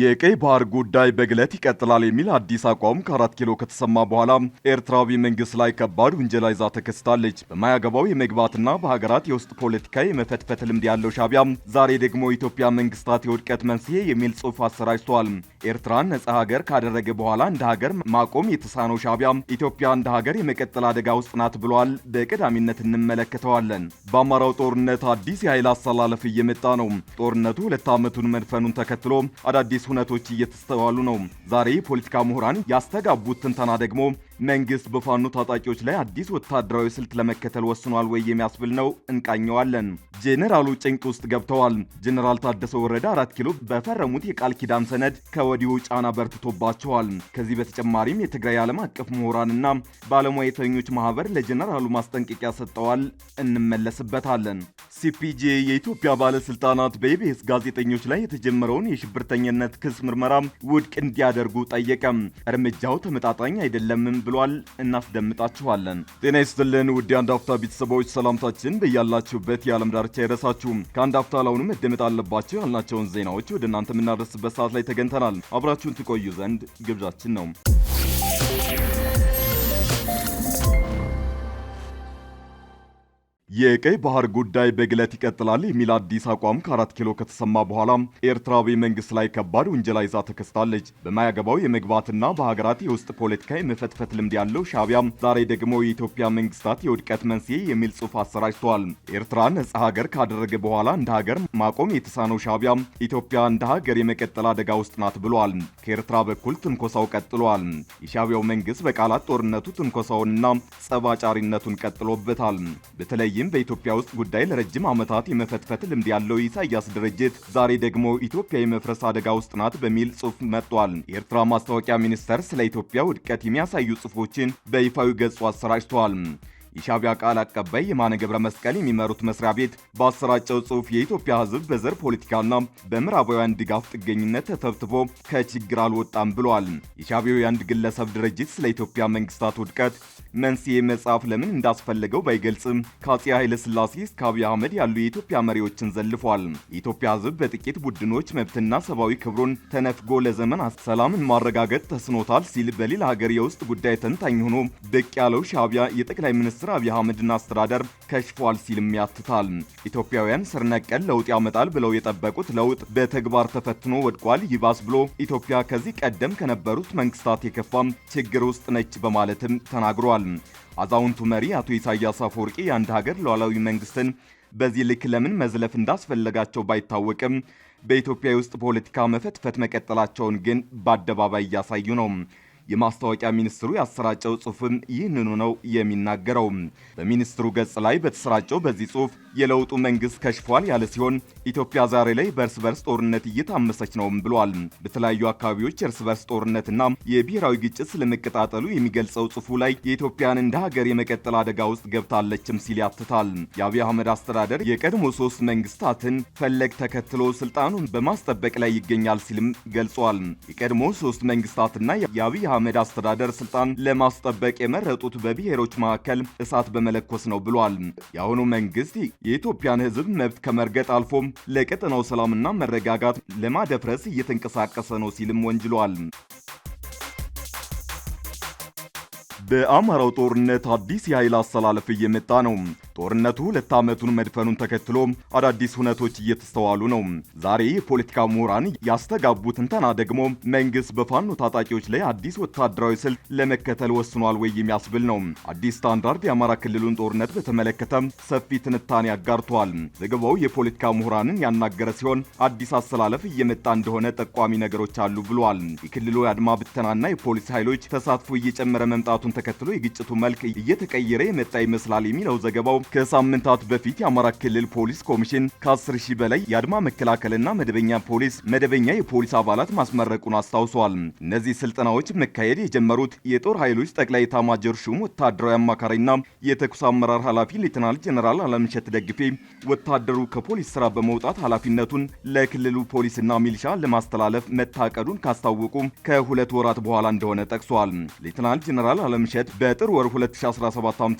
የቀይ ባህር ጉዳይ በግለት ይቀጥላል የሚል አዲስ አቋም ከአራት ኪሎ ከተሰማ በኋላ ኤርትራዊ መንግስት ላይ ከባድ ውንጀላ ይዛ ተከስታለች። በማያገባው የመግባትና በሀገራት የውስጥ ፖለቲካ የመፈትፈት ልምድ ያለው ሻቢያ ዛሬ ደግሞ የኢትዮጵያ መንግስታት የውድቀት መንስኤ የሚል ጽሑፍ አሰራጭተዋል። ኤርትራን ነጻ ሀገር ካደረገ በኋላ እንደ ሀገር ማቆም የተሳነው ሻቢያ ኢትዮጵያ እንደ ሀገር የመቀጠል አደጋ ውስጥ ናት ብሏል። በቀዳሚነት እንመለከተዋለን። በአማራው ጦርነት አዲስ የኃይል አሰላለፍ እየመጣ ነው። ጦርነቱ ሁለት ዓመቱን መድፈኑን ተከትሎ አዳዲስ አዳዲስ ሁነቶች እየተስተዋሉ ነው። ዛሬ የፖለቲካ ምሁራን ያስተጋቡት ትንተና ደግሞ መንግስት በፋኖ ታጣቂዎች ላይ አዲስ ወታደራዊ ስልት ለመከተል ወስኗል ወይ የሚያስብል ነው። እንቃኘዋለን። ጄኔራሉ ጭንቅ ውስጥ ገብተዋል። ጄኔራል ታደሰ ወረደ አራት ኪሎ በፈረሙት የቃል ኪዳን ሰነድ ከወዲሁ ጫና በርትቶባቸዋል። ከዚህ በተጨማሪም የትግራይ ዓለም አቀፍ ምሁራንና ባለሙያተኞች ማህበር ለጄኔራሉ ማስጠንቀቂያ ሰጥተዋል። እንመለስበታለን። ሲፒጄ የኢትዮጵያ ባለስልጣናት በኢቢኤስ ጋዜጠኞች ላይ የተጀመረውን የሽብርተኝነት ክስ ምርመራ ውድቅ እንዲያደርጉ ጠየቀ። እርምጃው ተመጣጣኝ አይደለምም ብሏል። እናስደምጣችኋለን። ጤና ይስጥልን ውድ አንድ አፍታ ቤተሰቦች፣ ሰላምታችን በያላችሁበት የዓለም ዳርቻ ይድረሳችሁ። ከአንድ አፍታ ላሁኑ መደመጥ አለባቸው ያልናቸውን ዜናዎች ወደ እናንተ የምናደርስበት ሰዓት ላይ ተገኝተናል። አብራችሁን ትቆዩ ዘንድ ግብዣችን ነው። የቀይ ባህር ጉዳይ በግለት ይቀጥላል የሚል አዲስ አቋም ከአራት ኪሎ ከተሰማ በኋላ ኤርትራዊ መንግስት ላይ ከባድ ውንጀላ ይዛ ተከስታለች። በማያገባው የመግባትና በሀገራት የውስጥ ፖለቲካ የመፈትፈት ልምድ ያለው ሻቢያ ዛሬ ደግሞ የኢትዮጵያ መንግስታት የውድቀት መንስኤ የሚል ጽሑፍ አሰራጅተዋል። ኤርትራ ነጻ ሀገር ካደረገ በኋላ እንደ ሀገር ማቆም የተሳነው ሻቢያ ኢትዮጵያ እንደ ሀገር የመቀጠል አደጋ ውስጥ ናት ብሏል። ከኤርትራ በኩል ትንኮሳው ቀጥሏል። የሻቢያው መንግስት በቃላት ጦርነቱ ትንኮሳውንና ጸባጫሪነቱን ቀጥሎበታል። በተለይም ሌሎችን በኢትዮጵያ ውስጥ ጉዳይ ለረጅም ዓመታት የመፈትፈት ልምድ ያለው ኢሳያስ ድርጅት ዛሬ ደግሞ ኢትዮጵያ የመፍረስ አደጋ ውስጥ ናት በሚል ጽሑፍ መጥቷል። የኤርትራ ማስታወቂያ ሚኒስቴር ስለ ኢትዮጵያ ውድቀት የሚያሳዩ ጽሑፎችን በይፋዊ ገጹ አሰራጭተዋል። የሻቢያ ቃል አቀባይ የማነ ገብረ መስቀል የሚመሩት መስሪያ ቤት በአሰራጨው ጽሑፍ የኢትዮጵያ ሕዝብ በዘር ፖለቲካና በምዕራባውያን ድጋፍ ጥገኝነት ተተብትቦ ከችግር አልወጣም ብለዋል። የሻቢያው የአንድ ግለሰብ ድርጅት ስለ ኢትዮጵያ መንግስታት ውድቀት መንስኤ መጽሐፍ ለምን እንዳስፈለገው ባይገልጽም ከአጼ ኃይለ ስላሴ እስከ አብይ አህመድ ያሉ የኢትዮጵያ መሪዎችን ዘልፏል። የኢትዮጵያ ሕዝብ በጥቂት ቡድኖች መብትና ሰብአዊ ክብሩን ተነፍጎ ለዘመናት ሰላምን ማረጋገጥ ተስኖታል ሲል በሌላ ሀገር የውስጥ ጉዳይ ተንታኝ ሆኖ ብቅ ያለው ሻቢያ የጠቅላይ ሚኒስትር ሚኒስትር አብይ አህመድን አስተዳደር ከሽፏል ሲልም ያትታል። ኢትዮጵያውያን ስር ነቀል ለውጥ ያመጣል ብለው የጠበቁት ለውጥ በተግባር ተፈትኖ ወድቋል። ይባስ ብሎ ኢትዮጵያ ከዚህ ቀደም ከነበሩት መንግስታት የከፋም ችግር ውስጥ ነች በማለትም ተናግሯል። አዛውንቱ መሪ አቶ ኢሳያስ አፈወርቂ የአንድ ሀገር ሉዓላዊ መንግስትን በዚህ ልክ ለምን መዝለፍ እንዳስፈለጋቸው ባይታወቅም በኢትዮጵያ ውስጥ ፖለቲካ መፈትፈት መቀጠላቸውን ግን በአደባባይ እያሳዩ ነው። የማስታወቂያ ሚኒስትሩ ያሰራጨው ጽሁፍም ይህንኑ ነው የሚናገረው። በሚኒስትሩ ገጽ ላይ በተሰራጨው በዚህ ጽሁፍ የለውጡ መንግስት ከሽፏል ያለ ሲሆን ኢትዮጵያ ዛሬ ላይ በእርስ በርስ ጦርነት እየታመሰች ነውም ብሏል። በተለያዩ አካባቢዎች የእርስ በርስ ጦርነትና የብሔራዊ ግጭት ስለመቀጣጠሉ የሚገልጸው ጽሑፉ ላይ የኢትዮጵያን እንደ ሀገር የመቀጠል አደጋ ውስጥ ገብታለችም ሲል ያትታል። የአብይ አህመድ አስተዳደር የቀድሞ ሶስት መንግስታትን ፈለግ ተከትሎ ስልጣኑን በማስጠበቅ ላይ ይገኛል ሲልም ገልጿል። የቀድሞ ሶስት መንግስታትና የአብይ አህመድ አስተዳደር ስልጣን ለማስጠበቅ የመረጡት በብሔሮች መካከል እሳት በመለኮስ ነው ብሏል። የአሁኑ መንግስት የኢትዮጵያን ሕዝብ መብት ከመርገጥ አልፎም ለቀጠናው ሰላምና መረጋጋት ለማደፍረስ እየተንቀሳቀሰ ነው ሲልም ወንጅሏል። በአማራው ጦርነት አዲስ የኃይል አሰላለፍ እየመጣ ነው። ጦርነቱ ሁለት ዓመቱን መድፈኑን ተከትሎ አዳዲስ ሁነቶች እየተስተዋሉ ነው። ዛሬ የፖለቲካ ምሁራን ያስተጋቡ ትንተና ደግሞ መንግስት በፋኖ ታጣቂዎች ላይ አዲስ ወታደራዊ ስልት ለመከተል ወስኗል ወይ የሚያስብል ነው። አዲስ ስታንዳርድ የአማራ ክልሉን ጦርነት በተመለከተ ሰፊ ትንታኔ አጋርተዋል። ዘገባው የፖለቲካ ምሁራንን ያናገረ ሲሆን አዲስ አሰላለፍ እየመጣ እንደሆነ ጠቋሚ ነገሮች አሉ ብሏል። የክልሉ የአድማ ብተናና የፖሊስ ኃይሎች ተሳትፎ እየጨመረ መምጣቱን ተከትሎ የግጭቱ መልክ እየተቀየረ የመጣ ይመስላል የሚለው ዘገባው ከሳምንታት በፊት የአማራ ክልል ፖሊስ ኮሚሽን ከ10 ሺህ በላይ የአድማ መከላከልና መደበኛ ፖሊስ መደበኛ የፖሊስ አባላት ማስመረቁን አስታውሷል። እነዚህ ስልጠናዎች መካሄድ የጀመሩት የጦር ኃይሎች ጠቅላይ ኤታማዦር ሹም ወታደራዊ አማካሪና የተኩስ አመራር ኃላፊ ሌተናል ጀኔራል አለምሸት ደግፌ ወታደሩ ከፖሊስ ስራ በመውጣት ኃላፊነቱን ለክልሉ ፖሊስና ሚሊሻ ለማስተላለፍ መታቀዱን ካስታወቁ ከሁለት ወራት በኋላ እንደሆነ ጠቅሷል። ሌተናል ጀኔራል አለምሸት በጥር ወር 2017 ዓ.ም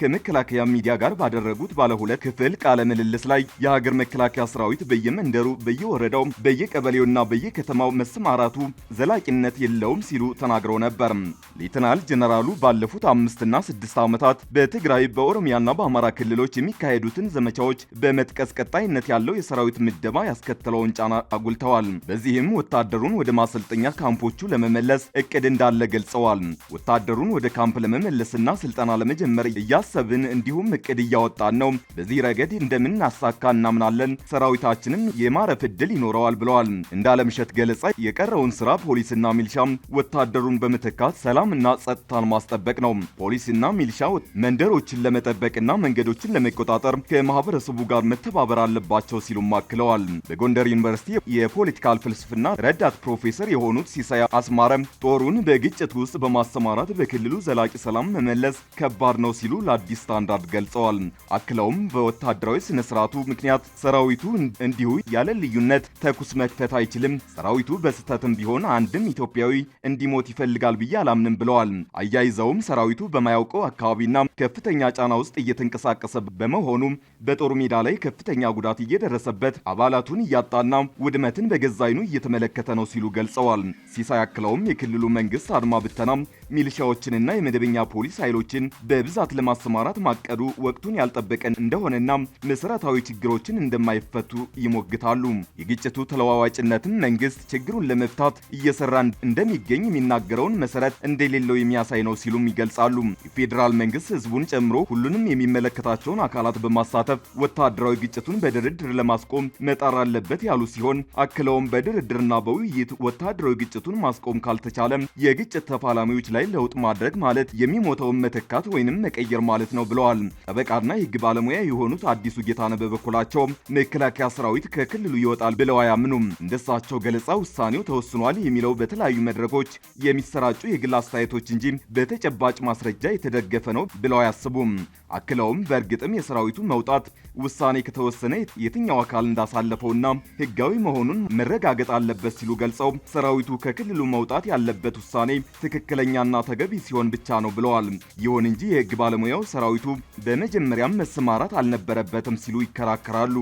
ከመከላከያ ሚዲያ ጋር ጋር ባደረጉት ባለ ሁለት ክፍል ቃለ ምልልስ ላይ የሀገር መከላከያ ሰራዊት በየመንደሩ በየወረዳው በየቀበሌውና በየከተማው መሰማራቱ ዘላቂነት የለውም ሲሉ ተናግረው ነበር። ሌተናል ጀነራሉ ባለፉት አምስትና ስድስት ዓመታት በትግራይ በኦሮሚያና በአማራ ክልሎች የሚካሄዱትን ዘመቻዎች በመጥቀስ ቀጣይነት ያለው የሰራዊት ምደባ ያስከተለውን ጫና አጉልተዋል። በዚህም ወታደሩን ወደ ማሰልጠኛ ካምፖቹ ለመመለስ እቅድ እንዳለ ገልጸዋል። ወታደሩን ወደ ካምፕ ለመመለስና ስልጠና ለመጀመር እያሰብን እንዲሁም እቅድ እቅድ እያወጣን ነው። በዚህ ረገድ እንደምናሳካ እናምናለን። ሰራዊታችንም የማረፍ እድል ይኖረዋል ብለዋል። እንደ አለምሸት ገለጻ የቀረውን ስራ ፖሊስና ሚልሻም ወታደሩን በመተካት ሰላምና ጸጥታን ማስጠበቅ ነው። ፖሊስና ሚልሻ መንደሮችን ለመጠበቅና መንገዶችን ለመቆጣጠር ከማህበረሰቡ ጋር መተባበር አለባቸው ሲሉም አክለዋል። በጎንደር ዩኒቨርሲቲ የፖለቲካል ፍልስፍና ረዳት ፕሮፌሰር የሆኑት ሲሳይ አስማረ ጦሩን በግጭት ውስጥ በማሰማራት በክልሉ ዘላቂ ሰላም መመለስ ከባድ ነው ሲሉ ለአዲስ ስታንዳርድ ገልጸዋል። ተናግረዋል። አክለውም በወታደራዊ ስነ ስርዓቱ ምክንያት ሰራዊቱ እንዲሁ ያለ ልዩነት ተኩስ መክፈት አይችልም። ሰራዊቱ በስህተትም ቢሆን አንድም ኢትዮጵያዊ እንዲሞት ይፈልጋል ብዬ አላምንም ብለዋል። አያይዘውም ሰራዊቱ በማያውቀው አካባቢና ከፍተኛ ጫና ውስጥ እየተንቀሳቀሰ በመሆኑ በጦር ሜዳ ላይ ከፍተኛ ጉዳት እየደረሰበት አባላቱን እያጣና ውድመትን በገዛ እየተመለከተ ነው ሲሉ ገልጸዋል። ሲሳይ አክለውም የክልሉ መንግስት አድማ ብተናም ሚሊሻዎችንና የመደበኛ ፖሊስ ኃይሎችን በብዛት ለማሰማራት ማቀዱ ወቅቱን ያልጠበቀን እንደሆነና መሰረታዊ ችግሮችን እንደማይፈቱ ይሞግታሉ። የግጭቱ ተለዋዋጭነትን መንግስት ችግሩን ለመፍታት እየሰራ እንደሚገኝ የሚናገረውን መሰረት እንደሌለው የሚያሳይ ነው ሲሉም ይገልጻሉ። የፌዴራል መንግስት ህዝቡን ጨምሮ ሁሉንም የሚመለከታቸውን አካላት በማሳተፍ ወታደራዊ ግጭቱን በድርድር ለማስቆም መጣር አለበት ያሉ ሲሆን አክለውም በድርድርና በውይይት ወታደራዊ ግጭቱን ማስቆም ካልተቻለም የግጭት ተፋላሚዎች ላይ ላይ ለውጥ ማድረግ ማለት የሚሞተውን መተካት ወይንም መቀየር ማለት ነው ብለዋል። ጠበቃና የህግ ባለሙያ የሆኑት አዲሱ ጌታነህ በበኩላቸው መከላከያ ሰራዊት ከክልሉ ይወጣል ብለው አያምኑም። እንደሳቸው ገለጻ ውሳኔው ተወስኗል የሚለው በተለያዩ መድረኮች የሚሰራጩ የግል አስተያየቶች እንጂ በተጨባጭ ማስረጃ የተደገፈ ነው ብለው አያስቡም። አክለውም በእርግጥም የሰራዊቱ መውጣት ውሳኔ ከተወሰነ የትኛው አካል እንዳሳለፈውና ህጋዊ መሆኑን መረጋገጥ አለበት ሲሉ ገልጸው ሰራዊቱ ከክልሉ መውጣት ያለበት ውሳኔ ትክክለኛ ቀጥተኛና ተገቢ ሲሆን ብቻ ነው ብለዋል። ይሁን እንጂ የህግ ባለሙያው ሰራዊቱ በመጀመሪያም መሰማራት አልነበረበትም ሲሉ ይከራከራሉ።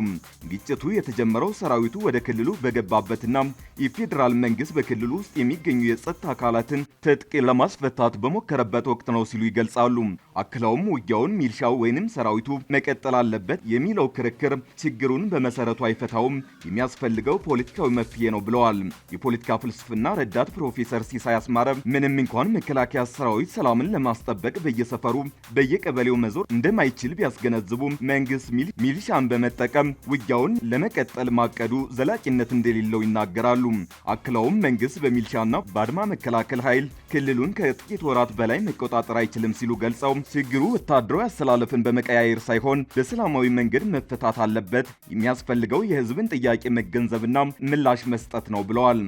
ግጭቱ የተጀመረው ሰራዊቱ ወደ ክልሉ በገባበትና የፌዴራል መንግስት በክልሉ ውስጥ የሚገኙ የጸጥታ አካላትን ትጥቅ ለማስፈታት በሞከረበት ወቅት ነው ሲሉ ይገልጻሉ። አክለውም ውጊያውን ሚልሻው ወይንም ሰራዊቱ መቀጠል አለበት የሚለው ክርክር ችግሩን በመሰረቱ አይፈታውም፣ የሚያስፈልገው ፖለቲካዊ መፍትሄ ነው ብለዋል። የፖለቲካ ፍልስፍና ረዳት ፕሮፌሰር ሲሳይ አስማረ ምንም እንኳን መከላ የመከላከያ ሰራዊት ሰላምን ለማስጠበቅ በየሰፈሩ በየቀበሌው መዞር እንደማይችል ቢያስገነዝቡም መንግስት ሚሊሻን በመጠቀም ውጊያውን ለመቀጠል ማቀዱ ዘላቂነት እንደሌለው ይናገራሉ። አክለውም መንግስት በሚሊሻና በአድማ መከላከል ኃይል ክልሉን ከጥቂት ወራት በላይ መቆጣጠር አይችልም ሲሉ ገልጸው ችግሩ ወታደራዊ አሰላለፍን በመቀያየር ሳይሆን በሰላማዊ መንገድ መፈታት አለበት። የሚያስፈልገው የህዝብን ጥያቄ መገንዘብና ምላሽ መስጠት ነው ብለዋል።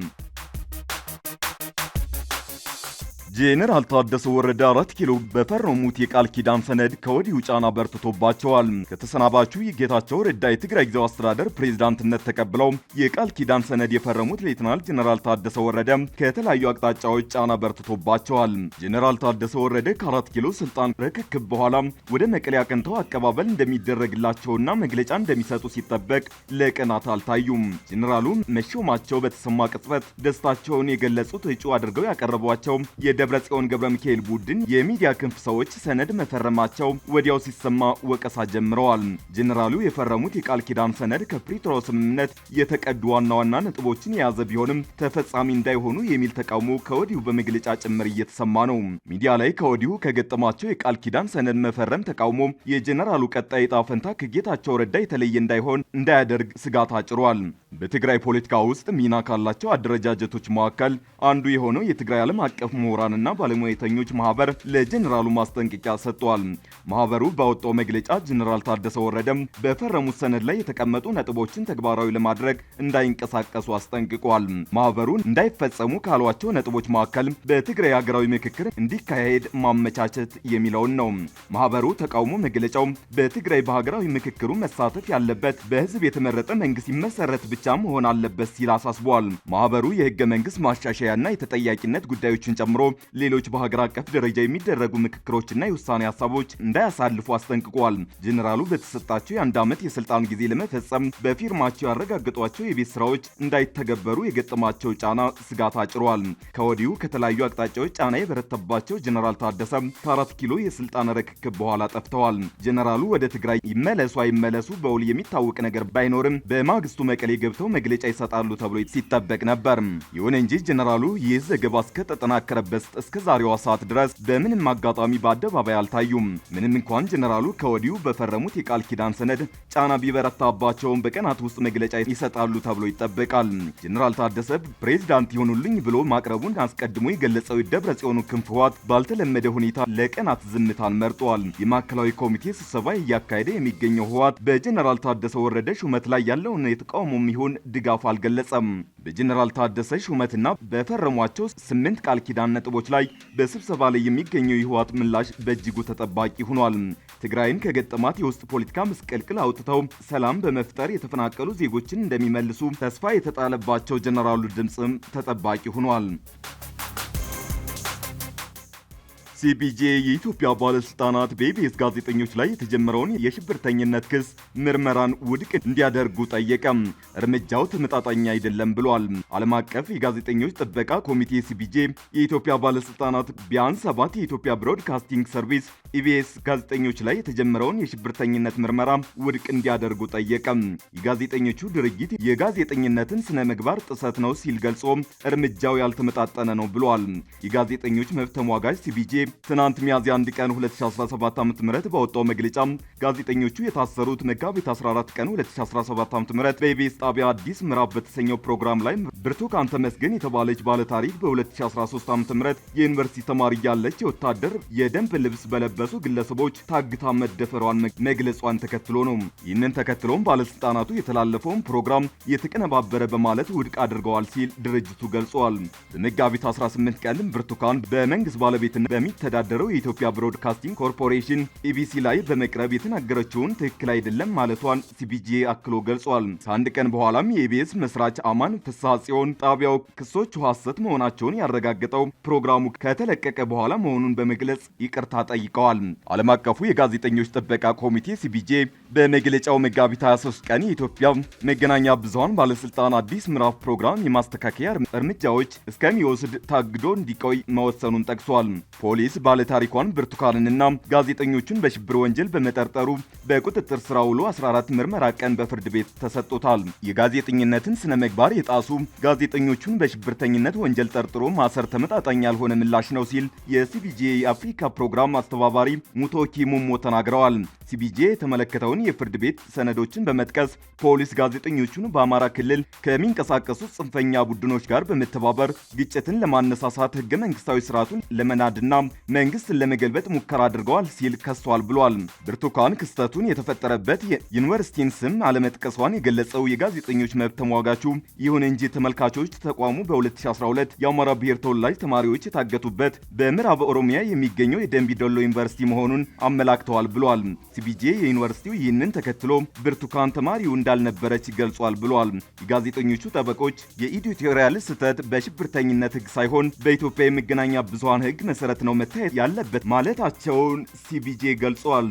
ጄኔራል ታደሰ ወረደ አራት ኪሎ በፈረሙት የቃል ኪዳን ሰነድ ከወዲሁ ጫና በርትቶባቸዋል። ከተሰናባቹ የጌታቸው ረዳ የትግራይ ጊዜው አስተዳደር ፕሬዝዳንትነት ተቀብለው የቃል ኪዳን ሰነድ የፈረሙት ሌትናል ጄኔራል ታደሰ ወረደ ከተለያዩ አቅጣጫዎች ጫና በርትቶባቸዋል። ጄኔራል ታደሰ ወረደ ከአራት ኪሎ ስልጣን ርክክብ በኋላ ወደ መቀሌ አቅንተው አቀባበል እንደሚደረግላቸውና መግለጫ እንደሚሰጡ ሲጠበቅ ለቀናት አልታዩም። ጄኔራሉ መሾማቸው በተሰማ ቅጽበት ደስታቸውን የገለጹት እጩ አድርገው ያቀረቧቸው የደ የደብረጽዮን ገብረ ሚካኤል ቡድን የሚዲያ ክንፍ ሰዎች ሰነድ መፈረማቸው ወዲያው ሲሰማ ወቀሳ ጀምረዋል። ጄኔራሉ የፈረሙት የቃል ኪዳን ሰነድ ከፕሪቶሮ ስምምነት የተቀዱ ዋና ዋና ነጥቦችን የያዘ ቢሆንም ተፈጻሚ እንዳይሆኑ የሚል ተቃውሞ ከወዲሁ በመግለጫ ጭምር እየተሰማ ነው። ሚዲያ ላይ ከወዲሁ ከገጠማቸው የቃል ኪዳን ሰነድ መፈረም ተቃውሞ የጄኔራሉ ቀጣይ ዕጣ ፈንታ ከጌታቸው ረዳ የተለየ እንዳይሆን እንዳያደርግ ስጋት አጭሯል። በትግራይ ፖለቲካ ውስጥ ሚና ካላቸው አደረጃጀቶች መካከል አንዱ የሆነው የትግራይ ዓለም አቀፍ ምሁራን የሕክምና ባለሙያተኞች ማህበር ለጀኔራሉ ማስጠንቀቂያ ሰጥቷል። ማህበሩ ባወጣው መግለጫ ጀኔራል ታደሰ ወረደም በፈረሙት ሰነድ ላይ የተቀመጡ ነጥቦችን ተግባራዊ ለማድረግ እንዳይንቀሳቀሱ አስጠንቅቋል። ማህበሩ እንዳይፈጸሙ ካሏቸው ነጥቦች መካከል በትግራይ ሀገራዊ ምክክር እንዲካሄድ ማመቻቸት የሚለውን ነው። ማህበሩ ተቃውሞ መግለጫው በትግራይ በሀገራዊ ምክክሩ መሳተፍ ያለበት በህዝብ የተመረጠ መንግስት ይመሰረት ብቻ መሆን አለበት ሲል አሳስቧል። ማህበሩ የህገ መንግስት ማሻሻያና የተጠያቂነት ጉዳዮችን ጨምሮ ሌሎች በሀገር አቀፍ ደረጃ የሚደረጉ ምክክሮችና የውሳኔ ሀሳቦች እንዳያሳልፉ አስጠንቅቋል። ጀኔራሉ በተሰጣቸው የአንድ ዓመት የስልጣን ጊዜ ለመፈጸም በፊርማቸው ያረጋግጧቸው የቤት ስራዎች እንዳይተገበሩ የገጠማቸው ጫና ስጋት አጭሯል። ከወዲሁ ከተለያዩ አቅጣጫዎች ጫና የበረተባቸው ጀኔራል ታደሰ ከአራት ኪሎ የስልጣን ርክክብ በኋላ ጠፍተዋል። ጀኔራሉ ወደ ትግራይ ይመለሱ አይመለሱ በውል የሚታወቅ ነገር ባይኖርም በማግስቱ መቀሌ ገብተው መግለጫ ይሰጣሉ ተብሎ ሲጠበቅ ነበር። ይሁን እንጂ ጀኔራሉ ይህ ዘገባ እስከተጠናከረበት ውስጥ እስከ ዛሬዋ ሰዓት ድረስ በምንም አጋጣሚ በአደባባይ አልታዩም። ምንም እንኳን ጀኔራሉ ከወዲሁ በፈረሙት የቃል ኪዳን ሰነድ ጫና ቢበረታባቸውም በቀናት ውስጥ መግለጫ ይሰጣሉ ተብሎ ይጠበቃል። ጀኔራል ታደሰ ፕሬዚዳንት ይሆኑልኝ ብሎ ማቅረቡን አስቀድሞ የገለጸው የደብረ ጽዮኑ ክንፍ ህወሓት ባልተለመደ ሁኔታ ለቀናት ዝምታን መርጧል። የማዕከላዊ ኮሚቴ ስብሰባ እያካሄደ የሚገኘው ህወሓት በጀኔራል ታደሰ ወረደ ሹመት ላይ ያለውን የተቃውሞ ይሁን ድጋፍ አልገለጸም። በጀኔራል ታደሰ ሹመትና በፈረሟቸው ስምንት ቃል ኪዳን ነጥቦች ነጥቦች ላይ በስብሰባ ላይ የሚገኘው የህወሓት ምላሽ በእጅጉ ተጠባቂ ሆኗል። ትግራይን ከገጠማት የውስጥ ፖለቲካ መስቀልቅል አውጥተው ሰላም በመፍጠር የተፈናቀሉ ዜጎችን እንደሚመልሱ ተስፋ የተጣለባቸው ጀነራሉ ድምፅም ተጠባቂ ሆኗል። ሲፒጄ የኢትዮጵያ ባለስልጣናት በኢቢኤስ ጋዜጠኞች ላይ የተጀመረውን የሽብርተኝነት ክስ ምርመራን ውድቅ እንዲያደርጉ ጠየቀም። እርምጃው ተመጣጣኝ አይደለም ብሏል። ዓለም አቀፍ የጋዜጠኞች ጥበቃ ኮሚቴ ሲፒጄ የኢትዮጵያ ባለስልጣናት ቢያንስ ሰባት የኢትዮጵያ ብሮድካስቲንግ ሰርቪስ ኢቢኤስ ጋዜጠኞች ላይ የተጀመረውን የሽብርተኝነት ምርመራ ውድቅ እንዲያደርጉ ጠየቀ። የጋዜጠኞቹ ድርጊት የጋዜጠኝነትን ስነ ምግባር ጥሰት ነው ሲል ገልጾ እርምጃው ያልተመጣጠነ ነው ብሏል። የጋዜጠኞች መብት ተሟጋጅ ሲቢጄ ትናንት ሚያዝያ 1 ቀን 2017 ዓ.ም በወጣው መግለጫ ጋዜጠኞቹ የታሰሩት መጋቢት 14 ቀን 2017 ም በኢቢኤስ ጣቢያ አዲስ ምዕራፍ በተሰኘው ፕሮግራም ላይ ብርቱካን ተመስገን የተባለች ባለታሪክ በ2013 ዓ.ም የዩኒቨርሲቲ ተማሪ ያለች የወታደር የደንብ ልብስ በለብ የለበሱ ግለሰቦች ታግታ መደፈሯን መግለጿን ተከትሎ ነው። ይህንን ተከትሎም ባለስልጣናቱ የተላለፈውን ፕሮግራም የተቀነባበረ በማለት ውድቅ አድርገዋል ሲል ድርጅቱ ገልጿል። በመጋቢት 18 ቀን ብርቱካን በመንግስት ባለቤትነት በሚተዳደረው የኢትዮጵያ ብሮድካስቲንግ ኮርፖሬሽን ኢቢሲ ላይ በመቅረብ የተናገረችውን ትክክል አይደለም ማለቷን ሲቢጂ አክሎ ገልጿል። ከአንድ ቀን በኋላም የኢቢኤስ መስራች አማን ፍስሐ ጽዮን ጣቢያው ክሶች ሐሰት መሆናቸውን ያረጋገጠው ፕሮግራሙ ከተለቀቀ በኋላ መሆኑን በመግለጽ ይቅርታ ጠይቀዋል። ተናግረዋል። ዓለም አቀፉ የጋዜጠኞች ጥበቃ ኮሚቴ ሲቢጄ በመግለጫው መጋቢት 23 ቀን የኢትዮጵያ መገናኛ ብዙሃን ባለስልጣን አዲስ ምዕራፍ ፕሮግራም የማስተካከያ እርምጃዎች እስከሚወስድ ታግዶ እንዲቆይ መወሰኑን ጠቅሷል። ፖሊስ ባለታሪኳን ብርቱካንንና ጋዜጠኞቹን በሽብር ወንጀል በመጠርጠሩ በቁጥጥር ስራ ውሎ 14 ምርመራ ቀን በፍርድ ቤት ተሰጥቶታል። የጋዜጠኝነትን ስነ ምግባር የጣሱ ጋዜጠኞቹን በሽብርተኝነት ወንጀል ጠርጥሮ ማሰር ተመጣጣኝ ያልሆነ ምላሽ ነው ሲል የሲቢጄ የአፍሪካ ፕሮግራም አስተባባሪ አስተባባሪ ሙቶኪ ሙሞ ተናግረዋል። ሲቢጄ የተመለከተውን የፍርድ ቤት ሰነዶችን በመጥቀስ ፖሊስ ጋዜጠኞቹን በአማራ ክልል ከሚንቀሳቀሱ ጽንፈኛ ቡድኖች ጋር በመተባበር ግጭትን ለማነሳሳት ህገ መንግስታዊ ስርዓቱን ለመናድና መንግስትን ለመገልበጥ ሙከራ አድርገዋል ሲል ከሷል ብሏል። ብርቱካን ክስተቱን የተፈጠረበት ዩኒቨርሲቲን ስም አለመጥቀሷን የገለጸው የጋዜጠኞች መብት ተሟጋቹ፣ ይሁን እንጂ ተመልካቾች ተቋሙ በ2012 የአማራ ብሔር ተወላጅ ተማሪዎች የታገቱበት በምዕራብ ኦሮሚያ የሚገኘው የደንቢ ዶሎ ዩኒቨርሲቲ ዩኒቨርሲቲ መሆኑን አመላክተዋል ብሏል። ሲቢጄ የዩኒቨርሲቲው ይህንን ተከትሎ ብርቱካን ተማሪው እንዳልነበረች ገልጿል ብሏል። የጋዜጠኞቹ ጠበቆች የኢዲቶሪያል ስህተት በሽብርተኝነት ህግ ሳይሆን በኢትዮጵያ የመገናኛ ብዙሃን ህግ መሰረት ነው መታየት ያለበት ማለታቸውን ሲቢጄ ገልጿል።